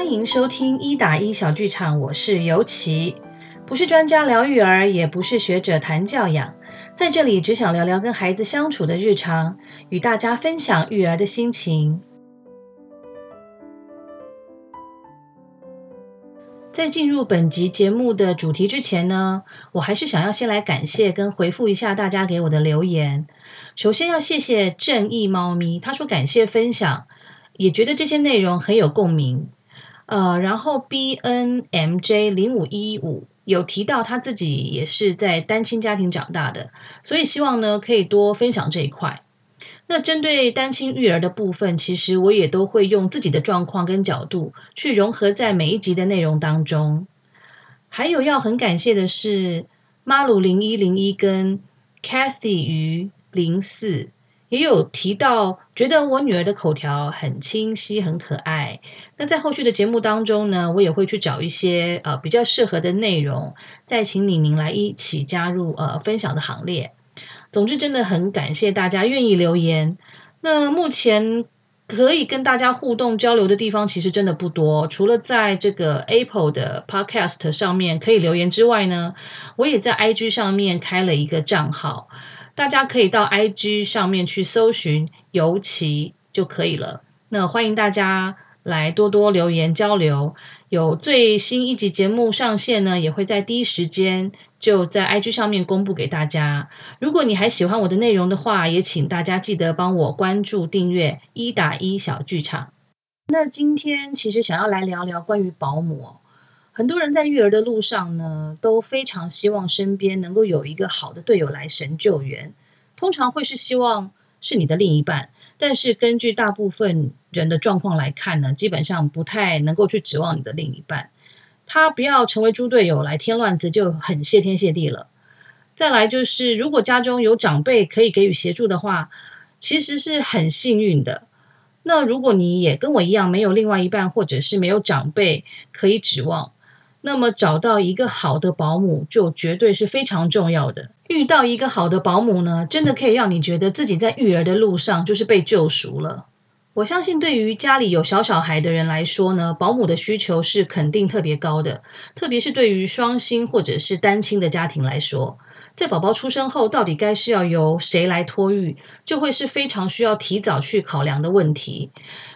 歡迎收聽一打一小劇場，我是尤琪，不是專家聊育兒，也不是學者談教養，在這裡只想聊聊跟孩子相處的日常，與大家分享育兒的心情。在進入本集節目的主題之前呢，我還是想要先來感謝跟回復一下大家給我的留言。首先要謝謝正義貓咪，他說感謝分享，也覺得這些內容很有共鳴。呃，然後 B N M J 零五一五有提到他自己也是在單親家庭長大的，所以希望呢可以多分享這一塊。那針對單親育兒的部分，其實我也都會用自己的狀況跟角度去融合在每一集的內容當中。還有要很感謝的是跟於04，媽魯零一零一跟 Cathy 於零四。也有提到，覺得我女兒的口條很清晰，很可愛。那在後續的節目當中呢，我也會去找一些呃比較適合的內容，再請你來一起加入呃分享的行列。總之，真的很感謝大家願意留言。那目前可以跟大家互動交流的地方，其實真的不多。除了在這個 Apple 的 Podcast 上面可以留言之外呢，我也在 IG 上面開了一個賬號大家可以到 IG 上面去搜尋“尤其”就可以了。那歡迎大家來多多留言交流。有最新一集節目上線呢，也會在第一時間就在 IG 上面公布給大家。如果你還喜歡我的內容的話，也請大家記得幫我關注、訂閱“一打一小劇場”。那今天其實想要來聊聊關於保姆。很多人在育兒的路上呢，都非常希望身邊能夠有一個好的隊友來神救援。通常會是希望是你的另一半，但是根據大部分人的狀況來看呢，基本上不太能夠去指望你的另一半。他不要成為豬隊友來添亂子，就很謝天謝地了。再來就是，如果家中有長輩可以給予協助的話，其實是很幸運的。那如果你也跟我一樣，沒有另外一半，或者是沒有長輩可以指望。那麼找到一個好的保姆就絕對是非常重要的。遇到一個好的保姆呢，真的可以讓你覺得自己在育兒的路上就是被救贖了。我相信，對於家裡有小小孩的人來說呢，保姆的需求是肯定特別高的，特別是對於雙薪或者是單親的家庭來說。在寶寶出生後，到底該是要由誰來托育，就會是非常需要提早去考量的問題。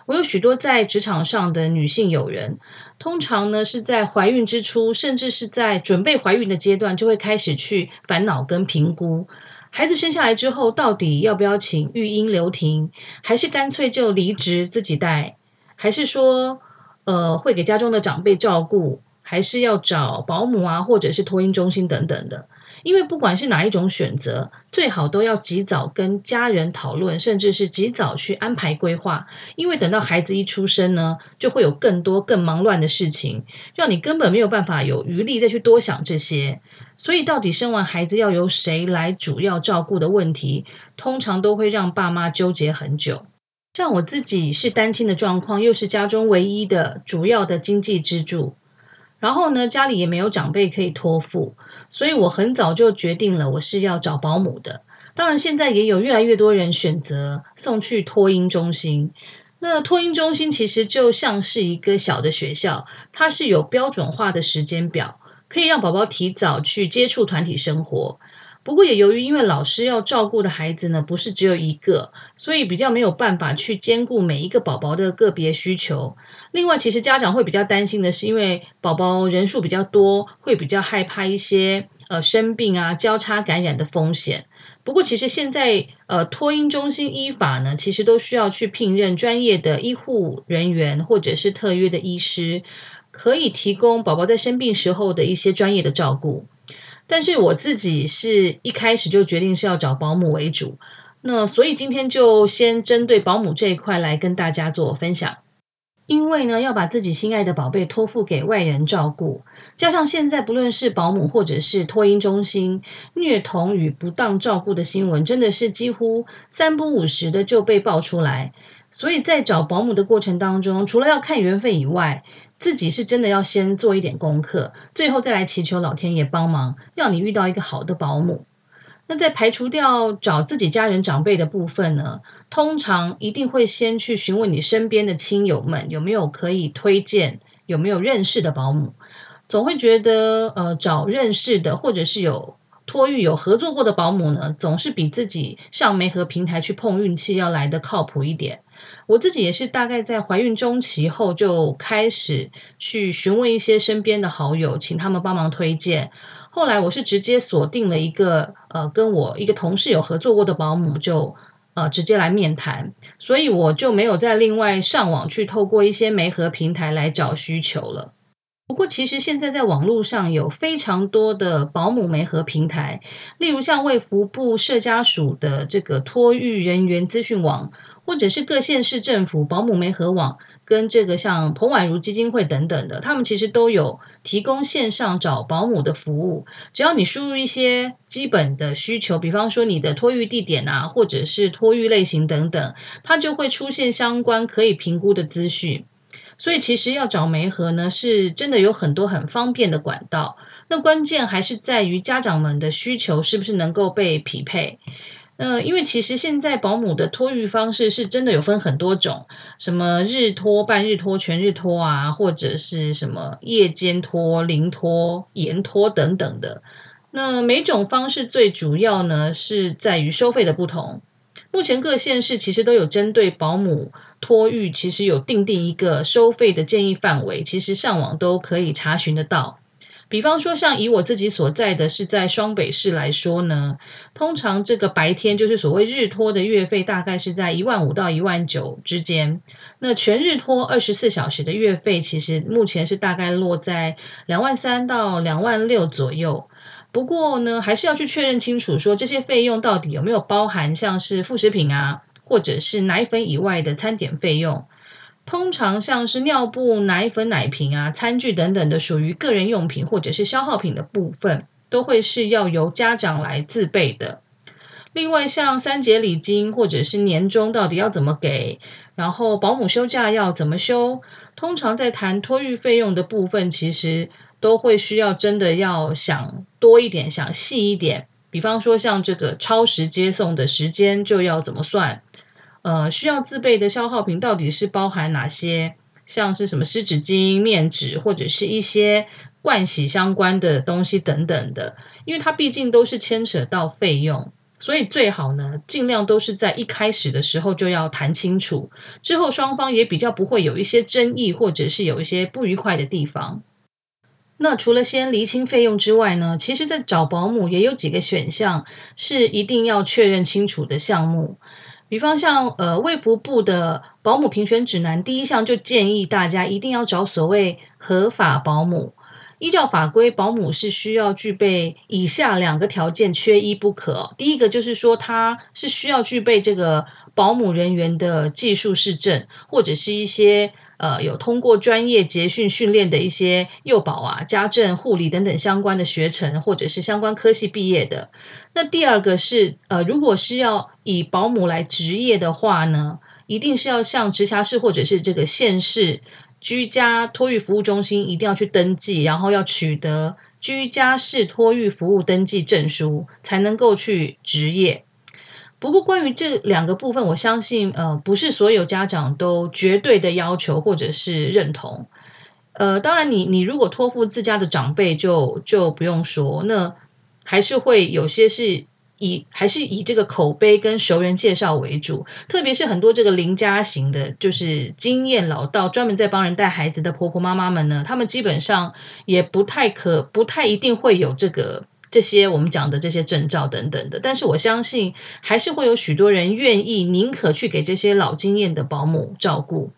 我有許多在職場上的女性友人，通常呢是在懷孕之初，甚至是在準備懷孕的階段，就會開始去煩惱跟評估孩子生下來之後，到底要不要請育嬰留停，還是乾脆就離職自己帶，還是說，呃，會給家中的長輩照顧。還是要找保母啊，或者是托嬰中心等等的。因為不管是哪一種選擇，最好都要及早跟家人討論，甚至是及早去安排規劃。因為等到孩子一出生呢，就會有更多更忙亂的事情，讓你根本沒有辦法有餘力再去多想這些。所以，到底生完孩子要由誰來主要照顧的問題，通常都會讓爸媽糾結很久。像我自己是單親的狀況，又是家中唯一的主要的經濟支柱。然後呢，家裡也沒有長輩可以托付，所以我很早就決定了我是要找保姆的。當然，現在也有越來越多人選擇送去托嬰中心。那托嬰中心其實就像是一個小的學校，它是有標準化的時間表，可以讓寶寶提早去接觸團體生活。不過也由於因為老師要照顧的孩子呢不是只有一個，所以比較沒有辦法去兼顧每一個寶寶的個別需求。另外，其實家長會比較擔心的是，因為寶寶人數比較多，會比較害怕一些呃生病啊交叉感染的風險。不過，其實現在呃托嬰中心依法呢，其實都需要去聘任專業的醫護人員或者是特約的醫師，可以提供寶寶在生病時候的一些專業的照顧。但是我自己是一開始就決定是要找保姆，為主，那所以今天就先針對保姆這一塊來跟大家做分享，因為呢要把自己心愛的寶貝托付給外人照顧，加上現在不論是保姆或者是托嬰中心虐童與不當照顧的新聞，真的是幾乎三不五時的就被爆出來，所以在找保姆的過程當中，除了要看緣分以外。自己是真的要先做一點功課，最後再來祈求老天爺幫忙，讓你遇到一個好的保姆。那在排除掉找自己家人長輩的部分呢，通常一定會先去詢問你身邊的親友們有沒有可以推薦，有沒有認識的保姆。總會覺得，呃，找認識的或者是有托育有合作過的保姆呢，總是比自己上媒合平台去碰運氣要來得靠譜一點。我自己也是大概在懷孕中期後就開始去詢問一些身邊的好友，請他們幫忙推薦。後來我是直接鎖定了一個呃，跟我一個同事有合作過的保姆就，就呃直接來面談，所以我就沒有再另外上網去透過一些媒合平台來找需求了。不過，其實現在在網絡上有非常多的保母媒合平台，例如像衛福部社家署的這個托育人員資訊網，或者是各縣市政府保母媒合網，跟這個像彭婉如基金會等等的，他們其實都有提供線上找保母的服務。只要你輸入一些基本的需求，比方說你的托育地點啊，或者是托育類型等等，它就會出現相關可以評估的資訊。所以，其實要找媒合呢，是真的有很多很方便的管道。那關鍵還是在於家長們的需求是不是能夠被匹配。呃，因為其實現在保母的托育方式是真的有分很多種，什麼日托、半日托、全日托啊，或者是什麼夜間托、臨托、延托等等的。那每種方式最主要呢，是在於收費的不同。目前各縣市其實都有針對保母托育，其實有訂定一個收費的建議範圍，其實上網都可以查詢得到。比方說，像以我自己所在的是在雙北市來說呢，通常這個白天就是所謂日托的月費，大概是在一萬五到一萬九之間。那全日托二十四小時的月費，其實目前是大概落在兩萬三到兩萬六左右。不過呢，還是要去確認清楚說，這些費用到底有沒有包含，像是副食品啊，或者是奶粉以外的餐點費用。通常像是尿布、奶粉、奶瓶啊、餐具等等的，屬於個人用品或者是消耗品的部分，都會是要由家長來自備的。另外，像三節禮金或者是年終到底要怎麼給？然後保姆休假要怎麼休？通常在談托育費用的部分，其實。都會需要真的要想多一點，想細一點。比方說，像這個超時接送的時間就要怎麼算，呃，需要自備的消耗品到底是包含哪些？像是什麼濕紙巾、面紙，或者是一些盥洗相關的東西等等的。因為它畢竟都是牽扯到費用，所以最好呢，盡量都是在一開始的時候就要談清楚，之後雙方也比較不會有一些爭議，或者是有一些不愉快的地方。那除了先釐清費用之外呢，其實，在找保姆也有幾個選項是一定要確認清楚的項目。比方像呃，衛福部的保姆評選指南，第一項就建議大家一定要找所謂合法保姆。依照法規，保姆是需要具備以下兩個條件，缺一不可。第一個就是說，他是需要具備這個保姆人員的技術士證，或者是一些，呃，有通過專業結訓訓練的一些幼保啊、家政、護理等等相關的學程，或者是相關科系畢業的。那第二個是，呃，如果是要以保母來執業的話呢，一定是要向直轄市或者是這個縣市居家托育服務中心一定要去登記，然後要取得居家式托育服務登記證書，才能夠去執業。不過，關於這兩個部分，我相信，呃，不是所有家長都絕對的要求或者是認同。呃，當然你，你你如果托付自家的長輩就，就就不用說，那還是會有些是以還是以這個口碑跟熟人介紹為主，特別是很多這個鄰家型的，就是經驗老道、專門在幫人帶孩子的婆婆媽媽們呢，她們基本上也不太可，不太一定會有這個。這些我們講的這些證照等等的，但是我相信還是會有許多人願意寧可去給這些老經驗的保母照顧，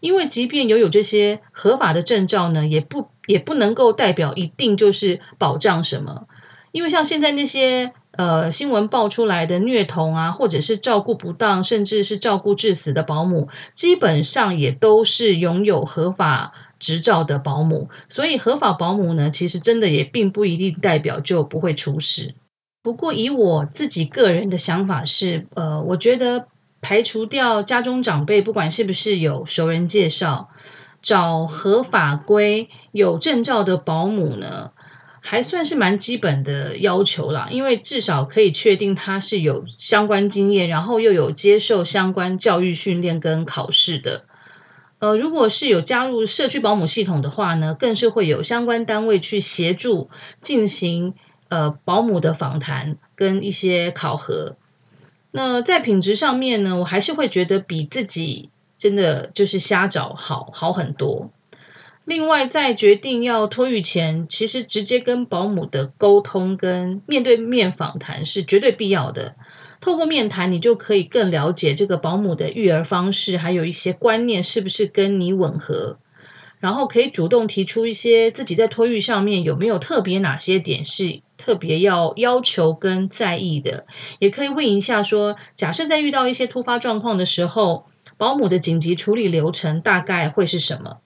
因為即便擁有這些合法的證照呢，也不也不能夠代表一定就是保障什麼，因為像現在那些呃新聞爆出來的虐童啊，或者是照顧不當，甚至是照顧致死的保母，基本上也都是擁有合法。執照的保姆，所以合法保姆呢，其實真的也並不一定代表就不會出事。不過以我自己個人的想法是，呃，我覺得排除掉家中長輩，不管是不是有熟人介紹，找合法規有證照的保姆呢，還算是蠻基本的要求啦，因為至少可以確定他是有相關經驗，然後又有接受相關教育訓練跟考試的。呃，如果是有加入社區保姆系統的話呢，更是會有相關單位去協助進行呃保姆的訪談跟一些考核。那在品質上面呢，我還是會覺得比自己真的就是瞎找好好很多。另外，在決定要托育前，其實直接跟保姆的溝通跟面對面訪談是絕對必要的。透過面談，你就可以更了解這個保母的育兒方式，還有一些觀念是不是跟你吻合。然後可以主動提出一些自己在托育上面有沒有特別哪些點是特別要要求跟在意的，也可以問一下說，假設在遇到一些突發狀況的時候，保母的緊急處理流程大概會是什麼？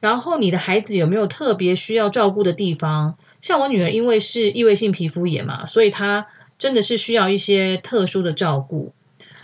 然後你的孩子有沒有特別需要照顧的地方？像我女兒因為是異位性皮膚炎嘛，所以她。真的是需要一些特殊的照顧。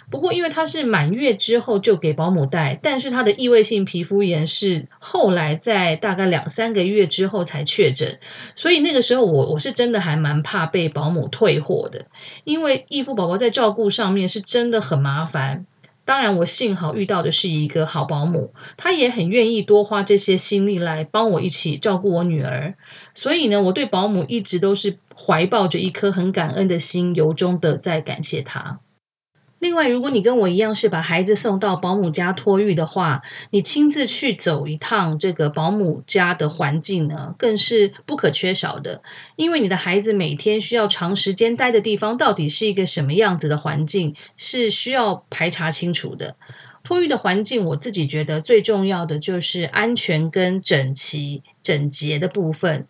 不過，因為他是滿月之後就給保姆帶，但是他的異位性皮膚炎是後來在大概兩三個月之後才確診，所以那個時候我我是真的還蠻怕被保姆退貨的，因為異膚寶寶在照顧上面是真的很麻煩。當然，我幸好遇到的是一個好保姆，她也很願意多花這些心力來幫我一起照顧我女兒。所以呢，我對保姆一直都是懷抱着一顆很感恩的心，由衷的在感謝她。另外，如果你跟我一樣是把孩子送到保姆家托育的話，你親自去走一趟這個保姆家的環境呢，更是不可缺少的。因為你的孩子每天需要長時間待的地方，到底是一個什麼樣子的環境，是需要排查清楚的。托育的環境，我自己覺得最重要的就是安全跟整齊、整潔的部分。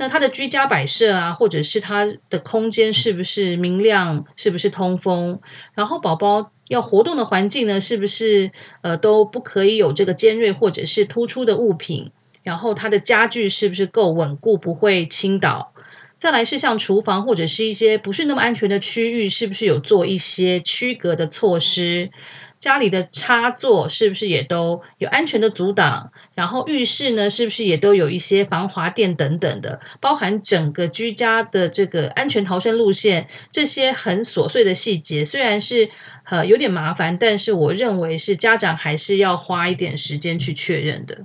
那它的居家擺設啊，或者是它的空間是不是明亮，是不是通風？然後寶寶要活動的環境呢，是不是呃都不可以有這個尖銳或者是突出的物品？然後它的家具是不是夠穩固，不會傾倒？再來是像廚房或者是一些不是那麼安全的區域，是不是有做一些區隔的措施？嗯家裡的插座是不是也都有安全的阻擋？然後浴室呢，是不是也都有一些防滑墊等等的？包含整個居家的這個安全逃生路線，這些很瑣碎的細節，雖然是呃有點麻煩，但是我認為是家長還是要花一點時間去確認的。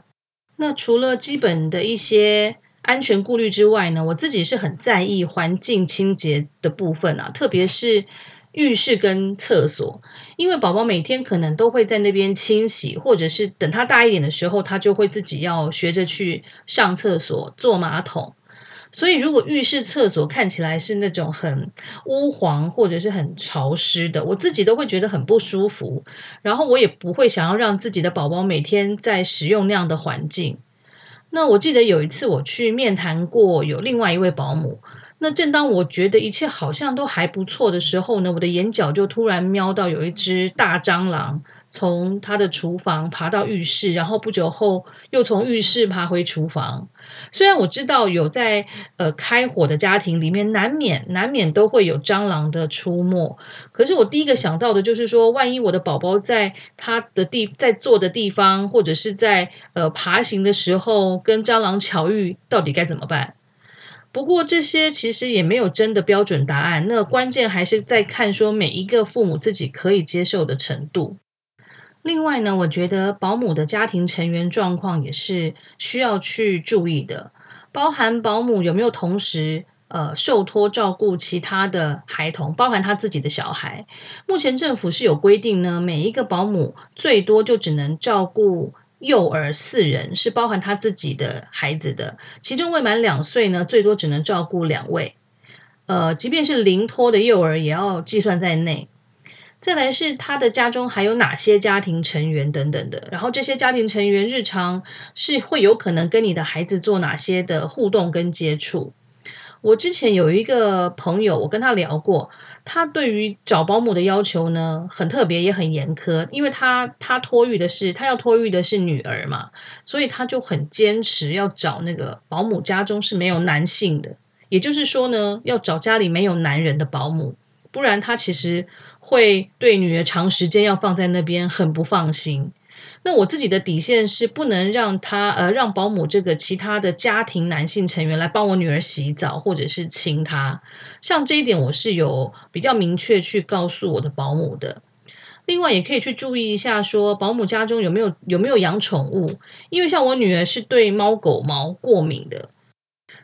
那除了基本的一些安全顧慮之外呢，我自己是很在意環境清潔的部分啊，特別是浴室跟廁所，因為寶寶每天可能都會在那邊清洗，或者是等他大一點的時候，他就會自己要學着去上廁所、坐馬桶。所以，如果浴室、廁所看起來是那種很污黃或者是很潮濕的，我自己都會覺得很不舒服。然後，我也不會想要讓自己的寶寶每天在使用那樣的環境。那我記得有一次我去面談過，有另外一位保姆。那正當我覺得一切好像都還不錯的時候呢，我的眼角就突然瞄到有一只大蟑螂從他的廚房爬到浴室，然後不久後又從浴室爬回廚房。雖然我知道有在呃開火的家庭裡面難免難免都會有蟑螂的出沒，可是我第一個想到的就是說，萬一我的寶寶在他的地，在坐的地方，或者是在呃爬行的時候，跟蟑螂巧遇，到底該怎麼辦？不過這些其實也沒有真的標準答案，那關鍵還是在看說每一個父母自己可以接受的程度。另外呢，我覺得保姆的家庭成員狀況也是需要去注意的，包含保姆有沒有同時呃受托照顧其他的孩童，包含他自己的小孩。目前政府是有規定呢，每一個保姆最多就只能照顧。幼兒四人是包含他自己的孩子的，其中未滿兩歲呢，最多只能照顧兩位。呃，即便是零托的幼兒，也要計算在內。再來是他的家中還有哪些家庭成員等等的，然後這些家庭成員日常是會有可能跟你的孩子做哪些的互動跟接觸。我之前有一個朋友，我跟他聊過，他對於找保姆的要求呢，很特別也很嚴苛，因為他他托育的是他要托育的是女兒嘛，所以他就很堅持要找那個保姆家中是沒有男性的，也就是說呢，要找家裡沒有男人的保姆，不然他其實會對女兒長時間要放在那邊很不放心。那我自己的底線是不能讓他呃讓保姆這個其他的家庭男性成員來幫我女兒洗澡或者是親她，像這一點我是有比較明確去告訴我的保姆的。另外也可以去注意一下，說保姆家中有沒有有沒有養寵物，因為像我女兒是對貓狗毛過敏的。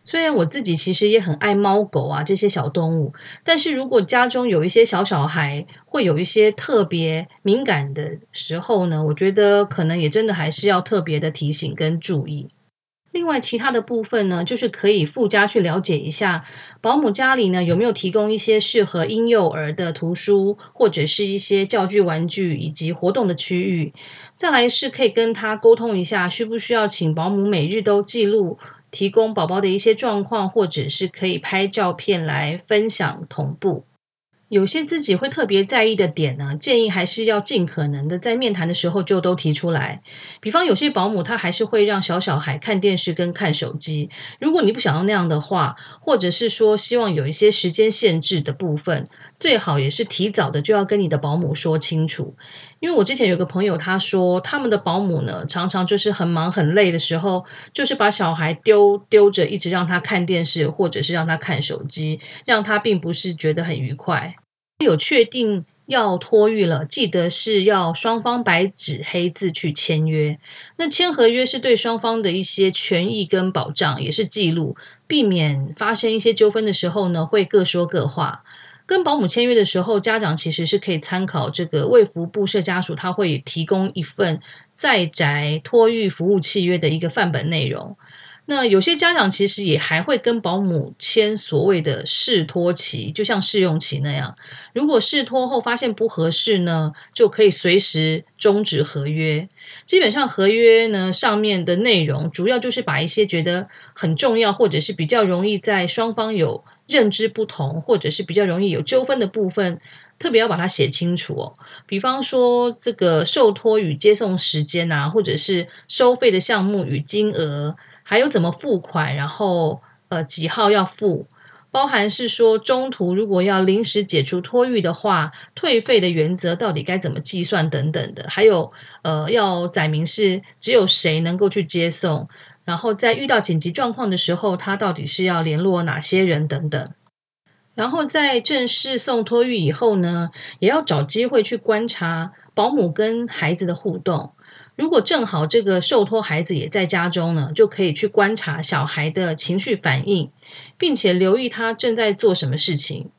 雖然我自己其實也很愛貓狗啊，這些小動物，但是如果家中有一些小小孩，會有一些特別敏感的時候呢，我覺得可能也真的還是要特別的提醒跟注意。另外，其他的部分呢，就是可以附加去了解一下，保姆家裡呢有沒有提供一些適合嬰幼兒的圖書，或者是一些教具、玩具以及活動的區域。再來是可以跟他溝通一下，需不需要請保姆每日都記錄。提供寶寶的一些狀況，或者是可以拍照片來分享同步。有些自己會特別在意的點呢，建議還是要盡可能的在面談的時候就都提出來。比方有些保姆他還是會讓小小孩看電視跟看手機，如果你不想要那樣的話，或者是說希望有一些時間限制的部分，最好也是提早的就要跟你的保姆說清楚。因為我之前有個朋友，他說他們的保姆呢，常常就是很忙很累的時候，就是把小孩丟丟着，一直讓他看電視或者是讓他看手機，讓他並不是覺得很愉快。有確定要托育了，記得是要雙方白紙黑字去簽約。那簽合約是對雙方的一些權益跟保障，也是記錄，避免發生一些糾紛的時候呢，會各說各話。跟保姆簽約的時候，家長其實是可以參考這個衛福部社家署，他會提供一份在宅托育服務契約的一個範本內容。那有些家長其實也還會跟保姆簽所謂的試托期，就像試用期那樣。如果試托後發現不合適呢，就可以隨時終止合約。基本上合約呢上面的內容，主要就是把一些覺得很重要，或者是比較容易在雙方有認知不同，或者是比較容易有糾紛的部分，特別要把它寫清楚哦。比方說這個受托與接送時間啊，或者是收費的項目與金額。還有怎麼付款，然後呃幾號要付，包含是說中途如果要臨時解除托育的話，退費的原則到底該怎麼計算等等的，還有呃要載明是只有誰能夠去接送，然後在遇到緊急狀況的時候，他到底是要聯絡哪些人等等。然後在正式送托育以後呢，也要找機會去觀察保姆跟孩子的互動。如果正好這個受托孩子也在家中呢，就可以去觀察小孩的情緒反應，並且留意他正在做什麼事情。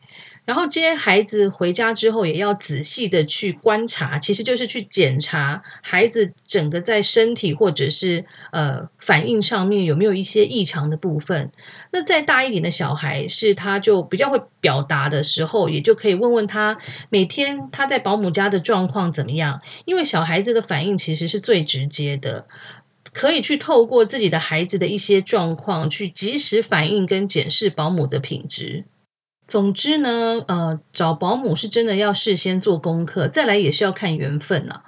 然後接孩子回家之後，也要仔細的去觀察，其實就是去檢查孩子整個在身體或者是呃反應上面有沒有一些異常的部分。那再大一點的小孩，是他就比較會表達的時候，也就可以問問他每天他在保姆家的狀況怎麼樣。因為小孩子的反應其實是最直接的，可以去透過自己的孩子的一些狀況，去及時反應跟檢視保姆的品質。總之呢，呃，找保母是真的要事先做功課，再來也是要看緣分啊。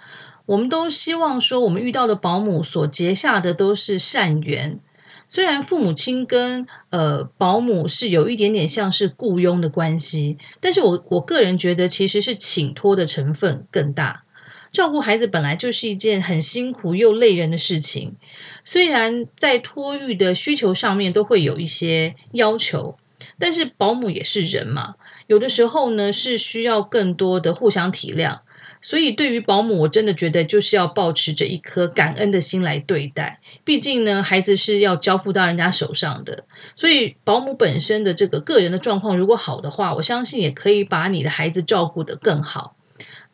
我們都希望說，我們遇到的保母所結下的都是善緣。雖然父母親跟呃保母是有一點點像是僱傭的關係，但是我我個人覺得其實是請托的成分更大。照顧孩子本來就是一件很辛苦又累人的事情，雖然在托育的需求上面都會有一些要求。但是保姆也是人嘛，有的時候呢，是需要更多的互相體諒。所以對於保姆，我真的覺得就是要抱持着一顆感恩的心來對待。畢竟呢，孩子是要交付到人家手上的。所以保姆本身的這個個人的狀況如果好的話，我相信也可以把你的孩子照顧得更好。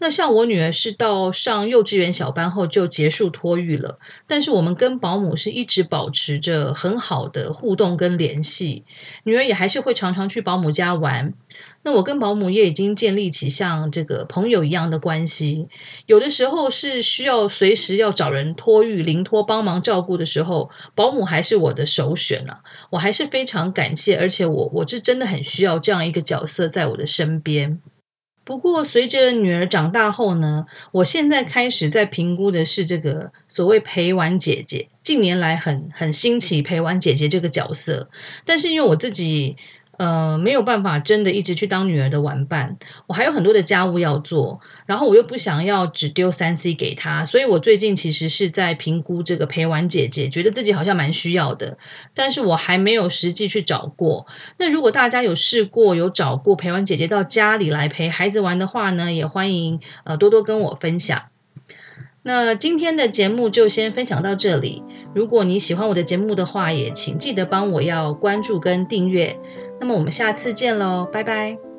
那像我女兒是到上幼稚園小班後就結束托育了，但是我們跟保姆是一直保持着很好的互動跟聯繫。女兒也還是會常常去保姆家玩。那我跟保姆也已經建立起像這個朋友一樣的關係。有的時候是需要隨時要找人托育、臨托幫忙照顧的時候，保姆還是我的首選呢，啊。我還是非常感謝，而且我我是真的很需要這樣一個角色在我的身邊。不過，隨着女兒長大後呢，我現在開始在評估的是這個所謂陪玩姐姐。近年來很很新奇，陪玩姐姐這個角色，但是因為我自己。呃，沒有辦法真的一直去當女兒的玩伴，我還有很多的家務要做，然後我又不想要只丟三 C 給她，所以我最近其實是在評估這個陪玩姐姐，覺得自己好像蠻需要的，但是我還沒有實際去找過。那如果大家有試過有找過陪玩姐姐到家裡來陪孩子玩的話呢，也歡迎呃多多跟我分享。那今天的節目就先分享到這裡，如果你喜歡我的節目的話，也請記得幫我要關注跟訂閱。那麼我們下次見嘍，拜拜。